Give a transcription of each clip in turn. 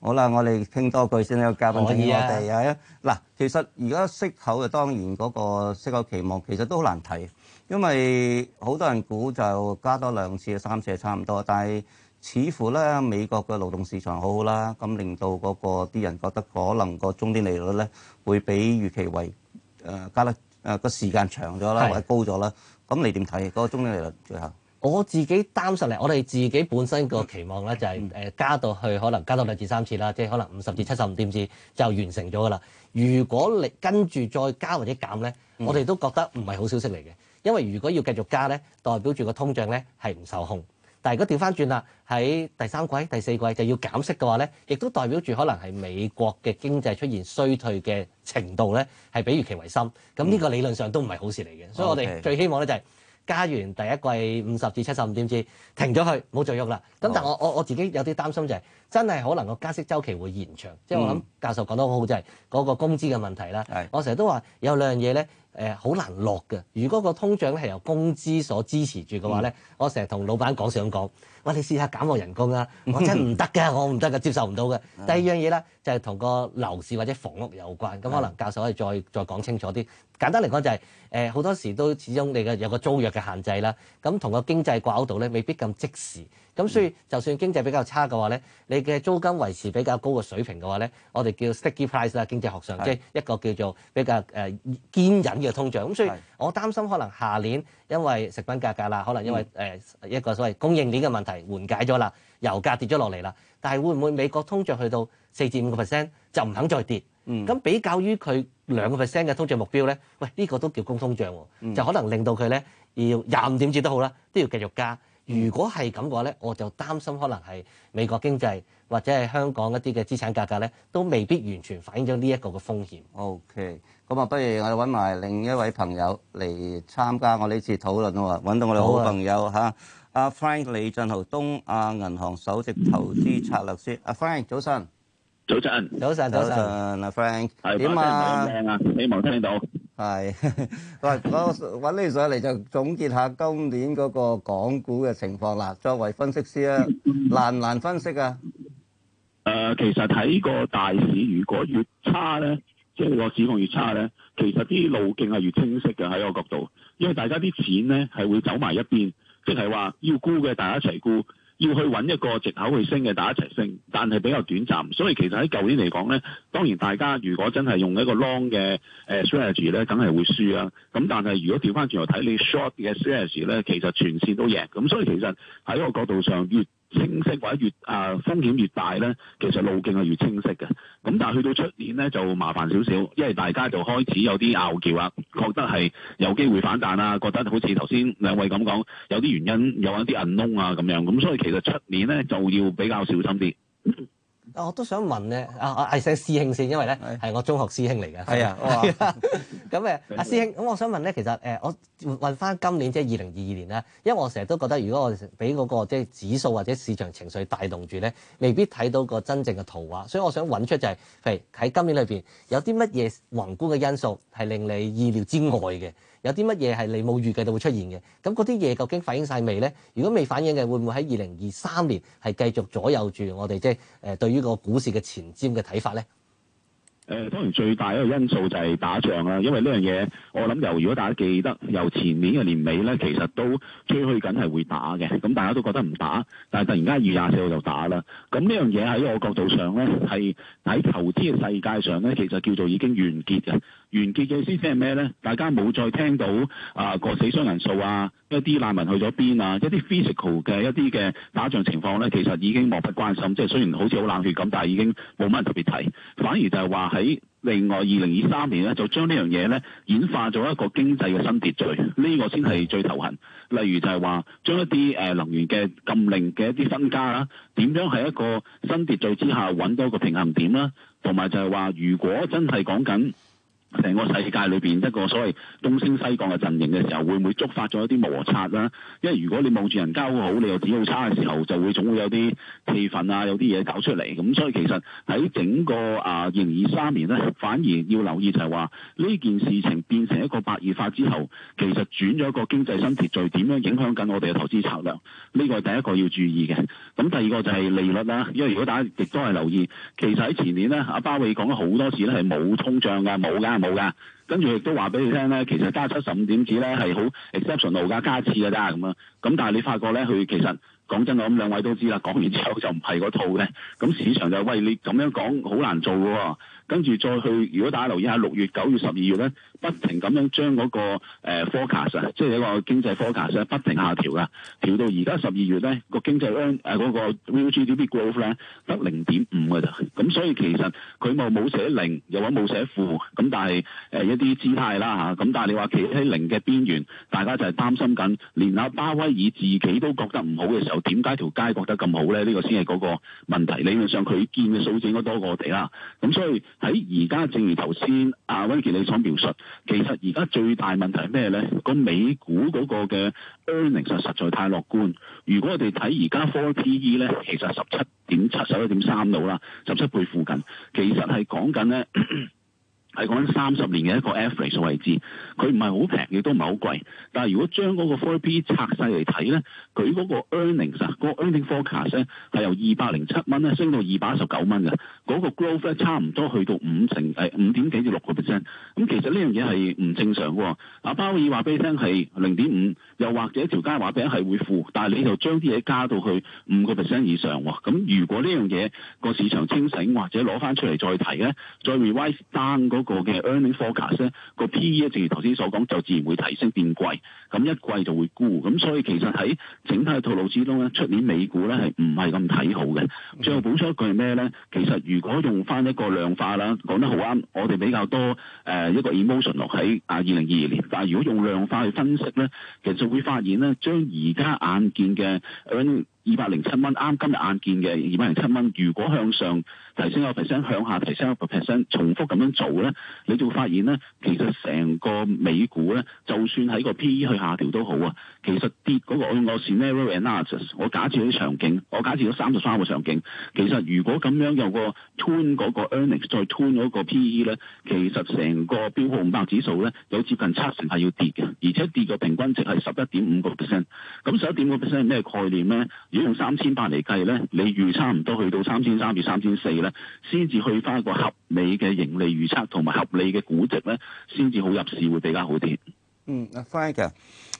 好啦，我哋傾多句先呢啦，交份紙我哋啊。嗱，其實而家息口啊，當然嗰個息口期望其實都好難睇，因為好多人估就加多兩次、三次係差唔多。但係似乎咧，美國嘅勞動市場好好啦，咁令到嗰個啲人覺得可能個終端利率咧會比預期為誒、呃、加得誒個時間長咗啦，是或者高咗啦。咁你、那個、點睇個終端利率最後？我自己擔心嚟，我哋自己本身個期望咧就係誒加到去可能加到兩至三次啦，即係可能五十至七十五點子就完成咗㗎喇。如果你跟住再加或者減咧，我哋都覺得唔係好消息嚟嘅，因為如果要繼續加咧，代表住個通脹咧係唔受控。但係如果掉返轉啦，喺第三季、第四季就要減息嘅話咧，亦都代表住可能係美國嘅經濟出現衰退嘅程度咧係比預期為深。咁呢個理論上都唔係好事嚟嘅，所以我哋最希望咧就係。加完第一季五十至七十五點止停咗去，冇再喐啦。咁但係我、Oh. 我我自己有啲擔心就係、是、真係可能個加息周期會延長，即、就、係、是、我諗教授講得好好就係、是、嗰個工資嘅問題啦。Mm. 我成日都話有兩樣嘢咧。誒好難落嘅，嗯、如果個通脹咧係由工資所支持住嘅話咧，我成日同老闆講想講，喂，你試下減我人工啦、啊，我真係唔得嘅，我唔得嘅，接受唔到嘅。第二樣嘢咧就係同個樓市或者房屋有關，咁可能教授可以再再講清楚啲。簡單嚟講就係誒好多時都始終你嘅有個租約嘅限制啦，咁同個經濟掛鈎度咧未必咁即時，咁所以就算經濟比較差嘅話咧，你嘅租金維持比較高嘅水平嘅話咧，我哋叫 sticky price 啦，經濟學上是即係一個叫做比較誒堅忍。通脹咁，所以我擔心可能下年因為食品價格啦，可能因為誒一個所謂供應鏈嘅問題緩解咗啦，油價跌咗落嚟啦，但係會唔會美國通脹去到四至五個 percent 就唔肯再跌？咁、嗯、比較於佢兩個 percent 嘅通脹目標呢，喂呢、這個都叫高通脹喎、啊，嗯、就可能令到佢呢要廿五點止都好啦，都要繼續加。如果係咁嘅話呢，我就擔心可能係美國經濟。或者係香港一啲嘅資產價格咧，都未必完全反映咗呢一個嘅風險。OK，咁啊，不如我哋揾埋另一位朋友嚟參加我呢次討論啊，揾到我哋好朋友嚇，阿 Frank 李振豪，東亞銀行首席投資策略師。阿 Frank 早晨，早晨，早晨，早晨，阿，Frank，點啊？希望聽到。係，我我揾你上嚟就總結下今年嗰個港股嘅情況啦。作為分析師咧，難唔難分析啊？誒、呃，其實睇個大市，如果越差呢，即係個市況越差呢，其實啲路徑係越清晰嘅，喺我角度，因為大家啲錢呢係會走埋一邊，即係話要沽嘅大家一齊沽，要去揾一個藉口去升嘅大家一齊升，但係比較短暫。所以其實喺舊年嚟講呢，當然大家如果真係用一個 long 嘅誒 strategy 咧，梗係會輸啊。咁但係如果調翻轉頭睇你 short 嘅 strategy 咧，其實全線都贏。咁所以其實喺我角度上越清晰或者越啊、呃、風險越大呢，其實路徑係越清晰嘅。咁但係去到出年呢，就麻煩少少，因為大家就開始有啲拗撬啦，覺得係有機會反彈啊，覺得好似頭先兩位咁講，有啲原因有一啲銀窿啊咁樣。咁、嗯、所以其實出年呢，就要比較小心啲。啊！我都想問咧，啊，我、啊、嗌聲師兄先，因為咧係是我中學師兄嚟嘅。係啊，咁誒，阿、 嗯啊、師兄，咁、嗯、我想問咧，其實誒、呃，我問翻今年即係二零二二年咧，因為我成日都覺得，如果我俾嗰個即係指數或者市場情緒帶動住咧，未必睇到個真正嘅圖畫，所以我想揾出就係、是，譬如喺今年裏邊有啲乜嘢宏觀嘅因素係令你意料之外嘅。哦。有啲乜嘢係你冇預計到會出現嘅？咁嗰啲嘢究竟反映晒未呢？如果未反映嘅，會唔會喺二零二三年係繼續左右住我哋即係誒對於個股市嘅前瞻嘅睇法呢？誒，當然最大一個因素就係打仗啦。因為呢樣嘢，我諗由如果大家記得由前年嘅年尾呢，其實都吹去緊係會打嘅。咁大家都覺得唔打，但係突然間二月廿四號就打啦。咁呢樣嘢喺我角度上呢，係喺投資嘅世界上呢，其實叫做已經完結嘅。完結嘅意思係咩呢？大家冇再聽到啊個死傷人數啊，一啲難民去咗邊啊，一啲 physical 嘅一啲嘅打仗情況呢，其實已經漠不關心。即係雖然好似好冷血咁，但係已經冇乜人特別提。反而就係話喺另外二零二三年呢，就將呢樣嘢呢演化咗一個經濟嘅新秩序。呢個先係最頭痕。例如就係話將一啲誒能源嘅禁令嘅一啲分家啦，點樣喺一個新秩序之下揾多個平衡點啦？同埋就係話如果真係講緊。成個世界裏邊一個所謂東升西降嘅陣營嘅時候，會唔會觸發咗一啲摩擦啦？因為如果你望住人家好，你又自己好差嘅時候，就會總會有啲氣氛啊，有啲嘢搞出嚟。咁所以其實喺整個啊二零二三年呢，反而要留意就係話呢件事情變成一個八二化之後，其實轉咗一個經濟新秩序點樣影響緊我哋嘅投資策略？呢個係第一個要注意嘅。咁第二個就係利率啦，因為如果大家亦都係留意，其實喺前年呢，阿鮑威講咗好多次呢，係冇通脹㗎，冇㗎。冇噶，跟住亦都話俾你聽咧，其實加七十五點子咧係好 exceptional 噶，加一次嘅啫咁啊，咁但係你發覺咧，佢其實講真我諗，兩位都知啦，講完之後就唔係嗰套嘅，咁市場就是，喂你咁樣講好難做嘅喎，哦，跟住再去，如果大家留意下六月、九月、十二月咧。不停咁樣將嗰、那個 forecast 啊，即係一個經濟 forecast 不停下調噶，調到而家十二月咧、那個經濟安誒嗰個 real GDP growth 咧得零點五嘅咋。咁所以其實佢冇冇寫零，又話冇寫負，咁但係誒、呃、一啲姿態啦嚇，咁、啊、但係你話企喺零嘅邊緣，大家就係擔心緊。連阿巴威爾自己都覺得唔好嘅時候，點解條街覺得咁好咧？呢、這個先係嗰個問題。理論上佢見嘅數字應該多過我哋啦。咁所以喺而家，正如頭先阿溫傑你所描述。其實而家最大問題係咩呢？個美股嗰個嘅 earnings 實在太樂觀。如果我哋睇而家 forward PE 呢，其實係十七點七，十一點三到啦，十七倍附近，其實係講緊呢。咳咳係講緊三十年嘅一個 average 位置，佢唔係好平，亦都唔係好貴。但係如果將嗰個 four P 拆晒嚟睇咧，佢嗰個 earnings 啊，個 earning forecast 咧係由二百零七蚊咧升到二百一十九蚊嘅，嗰個 growth 咧差唔多去到五成誒五點幾至六個 percent。咁其實呢樣嘢係唔正常喎。阿鮑爾話俾你聽係零點五，5，又或者條街話餅係會負，但係你就將啲嘢加到去五個 percent 以上喎。咁如果呢樣嘢個市場清醒或者攞翻出嚟再提咧，再 revise down 嗰個嘅 earning forecast 咧，個 PE 咧，正如頭先所講，就自然會提升變貴，咁一貴就會沽，咁所以其實喺整體嘅套路之中咧，出年美股咧係唔係咁睇好嘅？最後補充一句係咩咧？其實如果用返一個量化啦，講得好啱，我哋比較多誒一個 emotion 落喺啊二零二二年，但係如果用量化去分析咧，其實就會發現咧，將而家眼見嘅 earning 二百零七蚊，啱今日眼見嘅二百零七蚊，如果向上提升一個 percent，向下提升一個 percent，重複咁樣做咧，你就會發現咧，其實成個美股咧，就算喺個 P/E 去下調都好啊。其實跌嗰、那個我用個 scenario analysis，我假設啲場景，我假設咗三十三個場景。其實如果咁樣有個 tune 嗰個 earnings 再 tune 嗰個 P/E 咧，其實成個標普五百指數咧，有接近七成係要跌嘅，而且跌個平均值係十一點五個 percent。咁十一點五 percent 係咩概念咧？如果用三千八嚟計呢，你預差唔多去到三千三至三千四呢，先至去翻一個合理嘅盈利預測同埋合理嘅估值呢，先至好入市會比較好啲。嗯，Frank。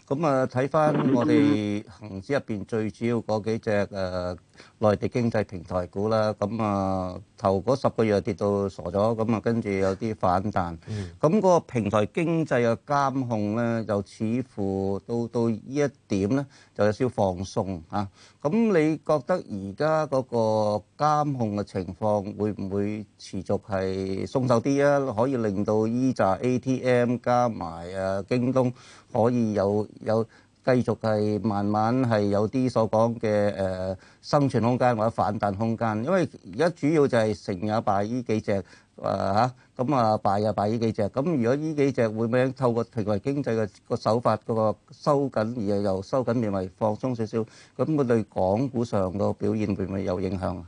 咁啊，睇翻我哋恆指入邊最主要嗰幾隻誒內地經濟平台股啦，咁啊，頭嗰十個月跌到傻咗，咁啊，跟住有啲反彈。咁個平台經濟嘅監控咧，就似乎到到呢一點咧，就有少少放鬆吓。咁你覺得而家嗰個監控嘅情況會唔會持續係鬆手啲啊？可以令到依紮 ATM 加埋啊，京東可以有？有繼續係慢慢係有啲所講嘅誒生存空間或者反彈空間，因為而家主要就係成也敗依幾隻啊嚇，咁啊敗又敗依幾隻，咁如果依幾隻會唔會透過平台經濟嘅個手法嗰個收緊，而後又收緊變為放鬆少少，咁佢對港股上個表現會唔會有影響啊？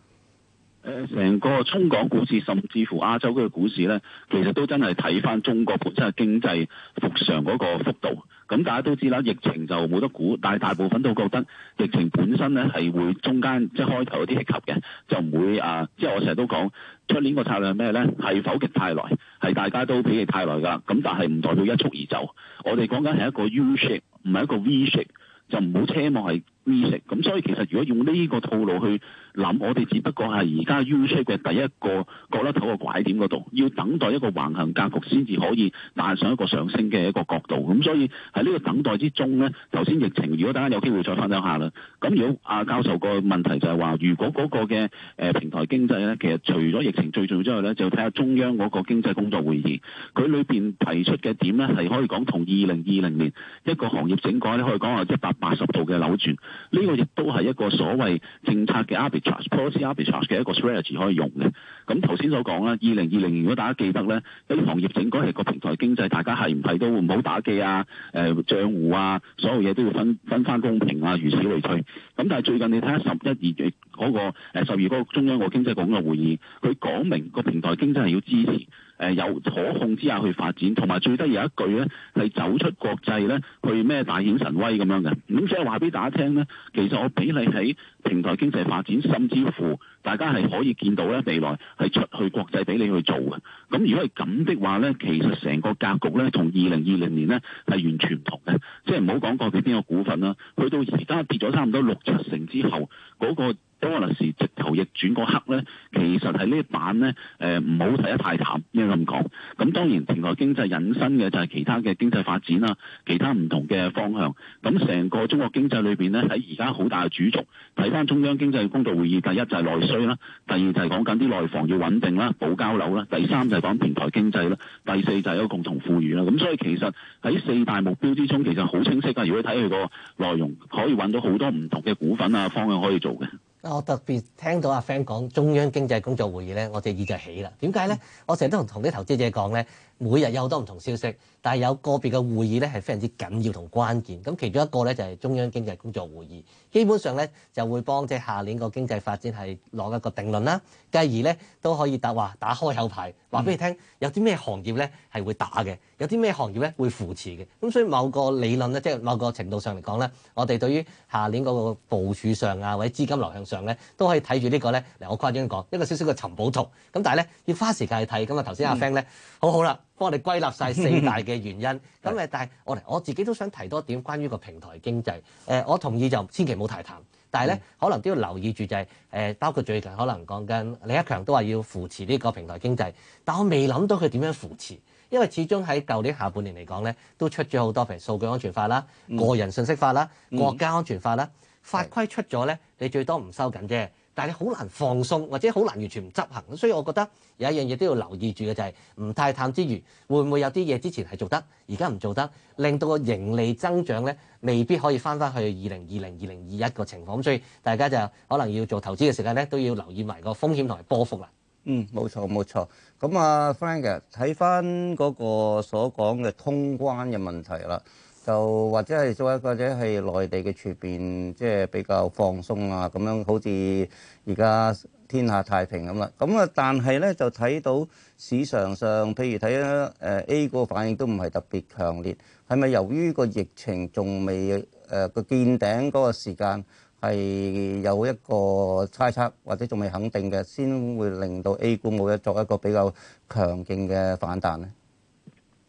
誒，成、呃、個冲港股市，甚至乎亞洲嘅股市咧，其實都真係睇翻中國本身嘅經濟復常嗰個幅度。咁、嗯、大家都知啦，疫情就冇得估，但係大部分都覺得疫情本身咧係會中間即係開頭有啲係及嘅，就唔會啊。即係我成日都講，出年個策略係咩咧？係否極泰來，係大家都喜極泰來噶。咁但係唔代表一蹴而就。我哋講緊係一個 U shape，唔係一個 V shape，就唔好奢望係。咁所以其實如果用呢個套路去諗，我哋只不過係而家 U 嘅第一個角落頭個拐點嗰度，要等待一個橫行格局先至可以彈上一個上升嘅一個角度。咁所以喺呢個等待之中咧，頭先疫情，如果大家有機會再分享下啦。咁如果阿教授個問題就係話，如果嗰個嘅誒平台經濟咧，其實除咗疫情最重要之外咧，就要睇下中央嗰個經濟工作會議，佢裏邊提出嘅點咧，係可以講同二零二零年一個行業整改咧，可以講話一百八十度嘅扭轉。呢個亦都係一個所謂政策嘅 arbitrage policy arbitrage 嘅一個 strategy 可以用嘅。咁頭先所講啦，二零二零年如果大家記得呢，一啲行業整改係個平台經濟，大家係唔係都唔好打機啊？誒、呃，帳戶啊，所有嘢都要分分翻公平啊，如此類推。咁、嗯、但係最近你睇下十一二月。嗰個十二嗰個中央個經濟局嘅會議，佢講明個平台經濟係要支持，誒、呃、有可控之下去發展，同埋最低有一句咧係走出國際咧，去咩大顯神威咁樣嘅。咁、嗯、即係話俾大家聽咧，其實我俾你喺平台經濟發展，甚至乎大家係可以見到咧未來係出去國際俾你去做嘅。咁如果係咁的話咧，其實成個格局咧，同二零二零年咧係完全唔同嘅。即係唔好講個別邊個股份啦、啊，去到而家跌咗差唔多六七成之後，嗰、那個。咁嗰陣時，直頭逆轉嗰刻呢，其實係呢一版呢，誒唔好睇得太淡，應該咁講。咁當然，平台經濟引申嘅就係其他嘅經濟發展啦，其他唔同嘅方向。咁成個中國經濟裏邊呢，喺而家好大嘅主軸。睇翻中央經濟工作會議，第一就係內需啦，第二就係講緊啲內房要穩定啦、保交樓啦，第三就係講平台經濟啦，第四就係有共同富裕啦。咁所以其實喺四大目標之中，其實好清晰㗎。如果睇佢個內容，可以揾到好多唔同嘅股份啊、方向可以做嘅。我特別聽到阿 Friend 講中央經濟工作會議咧，我隻耳就起啦。點解咧？我成日都同同啲投資者講咧。每日有好多唔同消息，但係有個別嘅會議咧，係非常之緊要同關鍵。咁其中一個咧，就係中央經濟工作會議，基本上咧，就會幫即係下年個經濟發展係攞一個定論啦。繼而咧，都可以打話打開口牌話俾你聽有啲咩行業咧，係會打嘅，有啲咩行業咧會扶持嘅。咁所以某個理論咧，即係某個程度上嚟講咧，我哋對於下年嗰個部署上啊，或者資金流向上咧，都可以睇住呢個咧。嗱，我誇張講一個小小嘅尋寶圖。咁但係咧要花時間去睇。咁啊頭先阿 friend 咧，好好啦。幫我哋歸納晒四大嘅原因，咁誒，但係我哋我自己都想提多點關於個平台經濟。誒，我同意就千祈唔好提談，但係咧、嗯、可能都要留意住就係、是、誒，包括最近可能講緊李克強都話要扶持呢個平台經濟，但我未諗到佢點樣扶持，因為始終喺舊年下半年嚟講咧，都出咗好多譬如數據安全法啦、個人信息法啦、國家安全法啦，法規出咗咧，你最多唔收緊啫。但係好難放鬆，或者好難完全唔執行，所以我覺得有一樣嘢都要留意住嘅就係唔太淡之餘，會唔會有啲嘢之前係做得，而家唔做得，令到個盈利增長呢未必可以翻翻去二零二零二零二一個情況。所以大家就可能要做投資嘅時間呢，都要留意埋個風險同埋波幅啦。嗯，冇錯冇錯。咁啊，Frank 睇翻嗰個所講嘅通關嘅問題啦。就或者係做一個，或者係內地嘅前邊即係比較放鬆啊，咁樣好似而家天下太平咁啦。咁啊，但係咧就睇到市場上，上，譬如睇誒 A 股反應都唔係特別強烈，係咪由於個疫情仲未誒個、呃、見頂嗰個時間係有一個猜測或者仲未肯定嘅，先會令到 A 股冇一作一個比較強勁嘅反彈咧？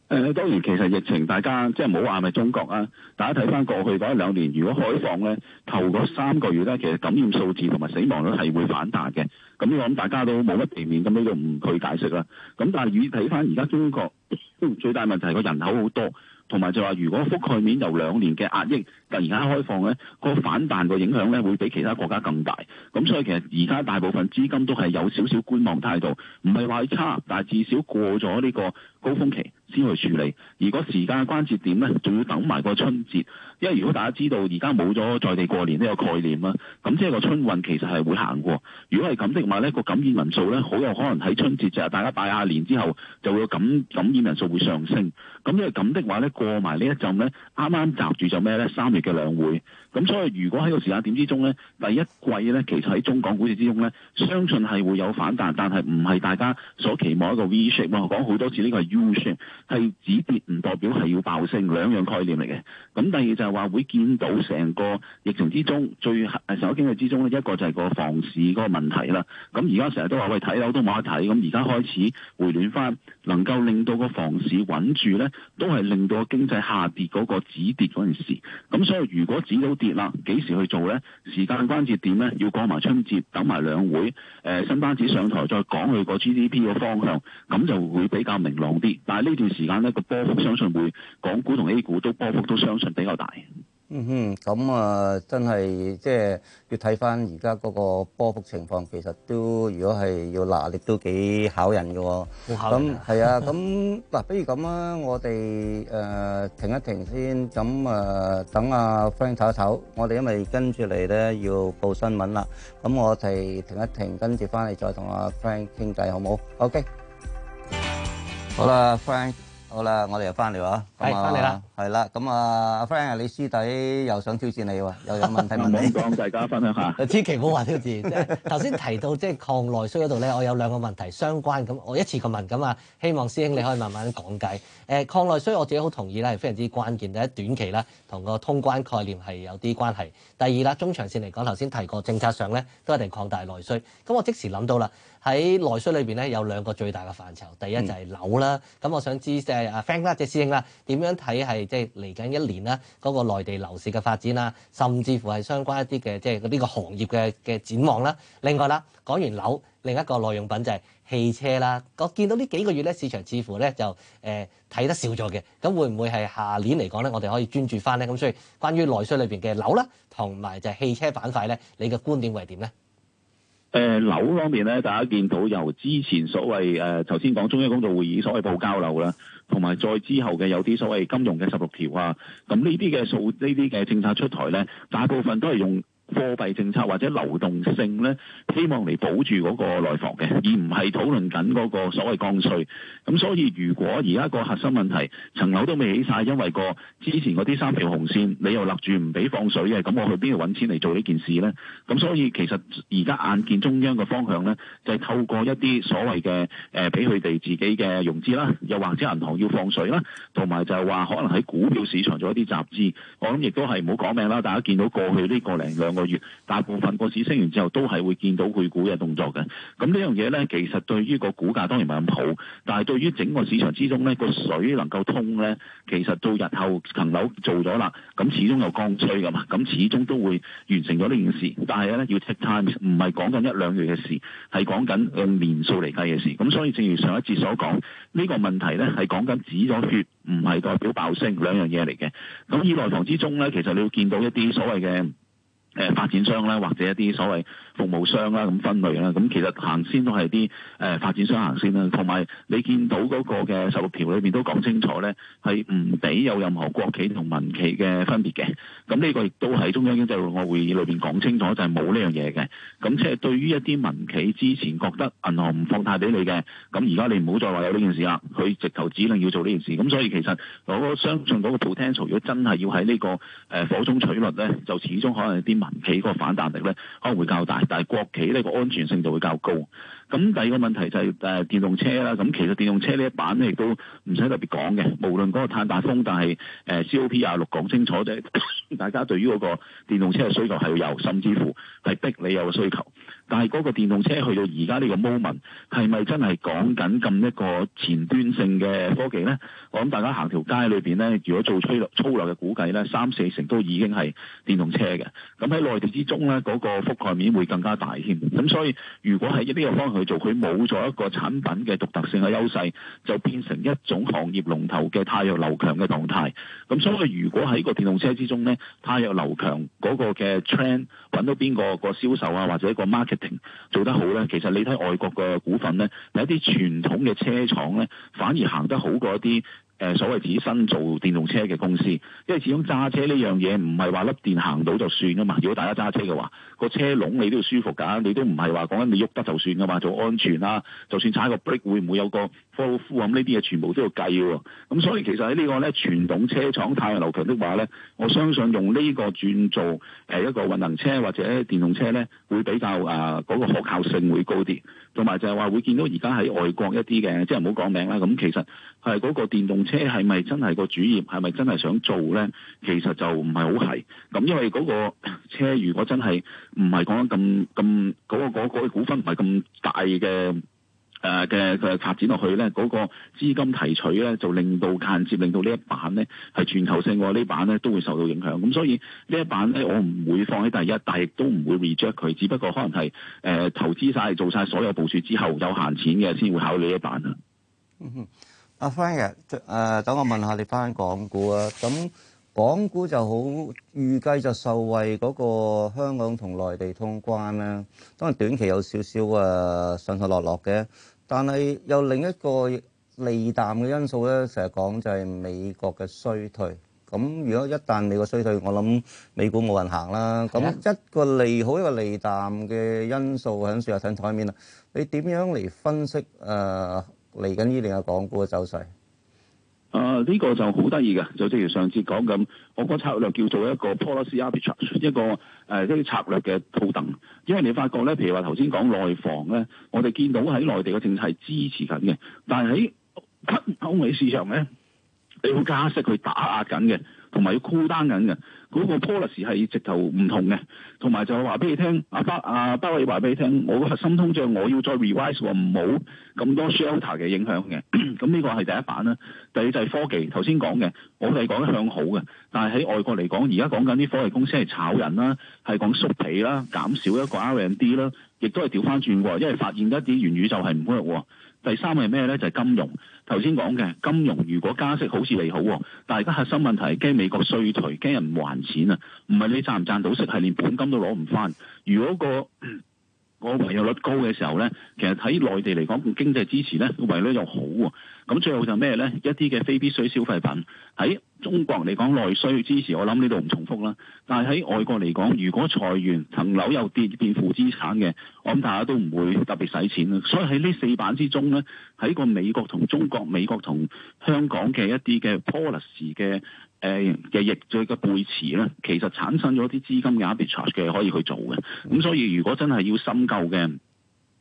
誒當然，其實疫情大家即係冇話咪中國啊！大家睇翻過去嗰一兩年，如果開放咧，頭嗰三個月咧，其實感染數字同埋死亡率係會反彈嘅。咁呢個大家都冇乜避免，咁呢度唔拒解釋啦。咁但係與睇翻而家中國最大問題係個人口好多，同埋就話如果覆蓋面由兩年嘅壓抑突然間開放咧，那個反彈個影響咧會比其他國家更大。咁所以其實而家大部分資金都係有少少觀望態度，唔係話差，但係至少過咗呢個高峰期。先去處理，如果時間嘅關節點咧，仲要等埋個春節。因為如果大家知道而家冇咗在地過年呢個概念啦，咁即係個春運其實係會行過。如果係咁的話呢，呢個感染人數呢，好有可能喺春節就係大家拜下年之後就會感感染人數會上升。咁因為咁的話呢，過埋呢一陣呢，啱啱集住就咩呢？三月嘅兩會，咁所以如果喺個時間點之中呢，第一季呢，其實喺中港股市之中呢，相信係會有反彈，但係唔係大家所期望一個 V shape。我講好多次呢個係 U shape，係止跌唔代表係要爆升，兩樣概念嚟嘅。咁第二就是。話會見到成個疫情之中最誒，成經濟之中呢一個就係個房市個問題啦。咁而家成日都話喂，睇樓都冇得睇，咁而家開始回暖翻。能夠令到個房市穩住呢，都係令到經濟下跌嗰個止跌嗰陣時。咁所以如果止到跌啦，幾時去做呢？時間關節點呢，要過埋春節，等埋兩會。誒、呃，新班子上台再講佢個 GDP 嘅方向，咁就會比較明朗啲。但係呢段時間呢，個波幅相信會，港股同 A 股都波幅都相信比較大。嗯哼，咁啊，真係即係要睇翻而家嗰個波幅情況，其實都如果係要拿力，都幾考人嘅喎。咁係啊，咁嗱，不如咁啊，我哋誒停一停先，咁啊等阿 Frank 唞一唞。我哋因為跟住嚟咧要報新聞啦，咁我哋停一停，跟住翻嚟再同阿 Frank 傾偈，好冇？OK。好啦，Frank。好啦，我哋又翻嚟啦，係翻嚟啦，係啦、嗯，咁、嗯、啊，阿 Frank 係你師弟，又想挑戰你喎，又有個問題問你，唔好講，大家分享下。千祈唔好話挑戰啫。頭先提到即係、就是、擴內需嗰度咧，我有兩個問題相關，咁我一次過問，咁啊，希望師兄你可以慢慢講解。誒、呃，擴內需我自己好同意咧，係非常之關鍵。第一，短期咧，同個通關概念係有啲關係。第二啦，中長線嚟講，頭先提過政策上咧，都一定擴大內需。咁我即時諗到啦，喺內需裏邊咧有兩個最大嘅範疇，第一就係樓啦。咁、嗯、我想知即啊 friend 啦，只師兄啦，點樣睇係即係嚟緊一年啦？嗰、嗰個內地樓市嘅發展啦，甚至乎係相關一啲嘅即係呢個行業嘅嘅展望啦。另外啦，講完樓，另一個耐用品就係汽車啦。我見到呢幾個月咧，市場似乎咧就誒睇、呃、得少咗嘅。咁會唔會係下年嚟講咧？我哋可以專注翻咧？咁所以關於內需裏邊嘅樓啦，同埋就係汽車板塊咧，你嘅觀點會係點咧？誒、呃、樓方面咧，大家見到由之前所謂誒頭先講中央工作會議所謂保交樓啦。同埋再之後嘅有啲所謂金融嘅十六條啊，咁呢啲嘅數，呢啲嘅政策出台咧，大部分都係用。貨幣政策或者流動性呢，希望嚟保住嗰個內房嘅，而唔係討論緊嗰個所謂降稅。咁所以如果而家個核心問題，層樓都未起晒，因為個之前嗰啲三條紅線，你又立住唔俾放水嘅，咁我去邊度揾錢嚟做呢件事呢？咁所以其實而家眼見中央嘅方向呢，就係透過一啲所謂嘅誒俾佢哋自己嘅融資啦，又或者銀行要放水啦，同埋就係話可能喺股票市場做一啲集資，我諗亦都係唔好講名啦，大家見到過去呢個零兩。個月大部分個市升完之後，都係會見到去股嘅動作嘅。咁呢樣嘢咧，其實對於個股價當然唔係咁好，但係對於整個市場之中咧，個水能夠通咧，其實到日後層樓做咗啦，咁始終有剛需噶嘛，咁始終都會完成咗呢件事。但係咧，要 take time，唔係講緊一兩月嘅事，係講緊用年數嚟計嘅事。咁所以，正如上一節所講，呢個問題咧係講緊止咗血，唔係代表爆升，兩樣嘢嚟嘅。咁以內房之中咧，其實你會見到一啲所謂嘅。誒、呃、發展商啦，或者一啲所謂服務商啦，咁分類啦，咁其實行先都係啲誒發展商行先啦，同埋你見到嗰個嘅十六條裏面都講清楚呢，係唔俾有任何國企同民企嘅分別嘅。咁呢個亦都喺中央經濟六個會議裏面講清楚，就係冇呢樣嘢嘅。咁即係對於一啲民企之前覺得銀行唔放貸俾你嘅，咁而家你唔好再話有呢件事啦。佢直頭只能要做呢件事。咁所以其實我相信嗰個 potential，如果真係要喺呢個誒火中取栗呢，就始終可能有啲民企嗰個反彈力呢可能會較大。但係國企呢個安全性就會較高。咁第二個問題就係、是、誒、呃、電動車啦。咁其實電動車呢一版咧，亦都唔使特別講嘅。無論嗰個碳大風，但係誒、呃、COP 廿六講清楚啫，大家對於嗰個電動車嘅需求係有，甚至乎係逼你有個需求。但係嗰個電動車去到而家呢個 moment，係咪真係講緊咁一個前端性嘅科技呢？我諗大家行條街裏邊呢，如果做粗略粗略嘅估計呢，三四成都已經係電動車嘅。咁喺內地之中呢，嗰、那個覆蓋面會更加大添。咁所以如果喺呢個方向去做，佢冇咗一個產品嘅獨特性嘅優勢，就變成一種行業龍頭嘅汰弱留強嘅狀態。咁所以如果喺個電動車之中呢，汰弱留強嗰個嘅 trend 揾到邊個個銷售啊，或者個 market，做得好呢，其實你睇外國嘅股份呢，有一啲傳統嘅車廠呢，反而行得好過一啲誒、呃、所謂自己新做電動車嘅公司，因為始終揸車呢樣嘢唔係話粒電行到就算噶嘛。如果大家揸車嘅話，個車籠你都要舒服噶，你都唔係話講緊你喐得就算噶嘛，做安全啦、啊。就算踩個 brake 會唔會有個？高夫咁呢啲嘢全部都要計喎，咁、嗯、所以其實喺呢個咧傳統車廠太陽流強的話咧，我相信用呢個轉做誒、呃、一個混能車或者電動車咧，會比較啊嗰、呃那個可靠性會高啲，同埋就係話會見到而家喺外國一啲嘅，即係唔好講名啦，咁、嗯、其實係嗰個電動車係咪真係個主業，係咪真係想做咧？其實就唔係好係，咁、嗯、因為嗰個車如果真係唔係講緊咁咁嗰個股份唔係咁大嘅。誒嘅嘅發展落去咧，嗰、那個資金提取咧，就令到間接令到一呢一版咧係全球性喎，呢版咧都會受到影響。咁所以一呢一版咧，我唔會放喺第一，但係亦都唔會 reject 佢。只不過可能係誒、呃、投資晒，做晒所有部署之後有閒錢嘅，先會考慮呢一版、啊。啦、嗯。阿 Frank，誒等我問下你返港股啊？咁。港股就好，預計就受惠嗰個香港同內地通關啦。當然短期有少少誒上上落落嘅，但係有另一個利淡嘅因素咧，成日講就係美國嘅衰退。咁如果一旦美國衰退，我諗美股冇人行啦。咁一個利好一個利淡嘅因素喺上日睇台面啦。你點樣嚟分析誒嚟緊呢年嘅港股嘅走勢？啊！呢、uh, 個就好得意嘅，就正如上次講咁，我個策略叫做一個 policy arbitrage，一個誒一啲策略嘅套戥。因為你發覺咧，譬如話頭先講內房咧，我哋見到喺內地嘅政策係支持緊嘅，但係喺歐美市場咧，你要加息去打壓緊嘅。同埋要 cool down 緊嘅，嗰、那個 policy 係直頭唔同嘅，同埋就話俾你聽，阿包阿包偉話俾你聽，我個核心通脹我要再 revise 喎，唔好咁多 shelter 嘅影響嘅，咁呢、 嗯，這個係第一版啦，第二就係科技，頭先講嘅，我哋講得向好嘅，但係喺外國嚟講，而家講緊啲科技公司係炒人啦，係講縮皮啦，減少一個 R&D 啦，亦都係調翻轉喎，因為發現一啲元宇宙係唔得喎。第三係咩呢？就係、是、金融。頭先講嘅金融，如果加息好似利好喎、啊，但係而家核心問題係驚美國衰退，驚人還錢啊！唔係你賺唔賺到息，係連本金都攞唔返。如果個 個違約率高嘅時候呢，其實喺內地嚟講，經濟支持呢，維率又好喎、啊。咁最後就咩呢？一啲嘅非必需消費品喺中國嚟講內需支持，我諗呢度唔重複啦。但係喺外國嚟講，如果裁員層樓又跌，變負資產嘅，我諗大家都唔會特別使錢啦。所以喺呢四版之中呢，喺個美國同中國、美國同香港嘅一啲嘅 policy 嘅。誒嘅序嘅背馳咧，其實產生咗啲資金嘅 arbitrage 嘅可以去做嘅，咁所以如果真係要深究嘅、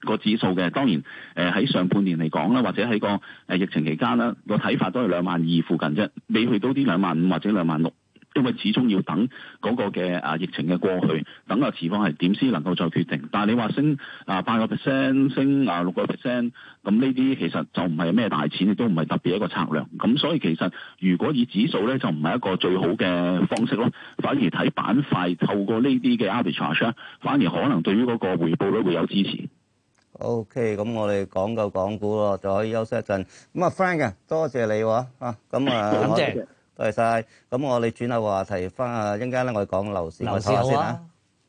個指數嘅，當然誒喺、呃、上半年嚟講啦，或者喺個誒疫情期間啦，個睇法都係兩萬二附近啫，未去到啲兩萬五或者兩萬六。因為始終要等嗰個嘅啊疫情嘅過去，等個情況係點先能夠再決定。但係你話升啊八個 percent，升啊六個 percent，咁呢啲其實就唔係咩大錢，亦都唔係特別一個策略。咁所以其實如果以指數咧，就唔係一個最好嘅方式咯。反而睇板塊，透過呢啲嘅 arbitrage，反而可能對於嗰個回報率會有支持。OK，咁我哋講夠港股咯，就可以休息一陣。咁啊，Frank 嘅，多謝你喎，嚇咁啊，嗯、來多謝。多謝晒，咁我哋轉下話題，返啊，一陣間我會講樓市，樓市啊、我講先啦。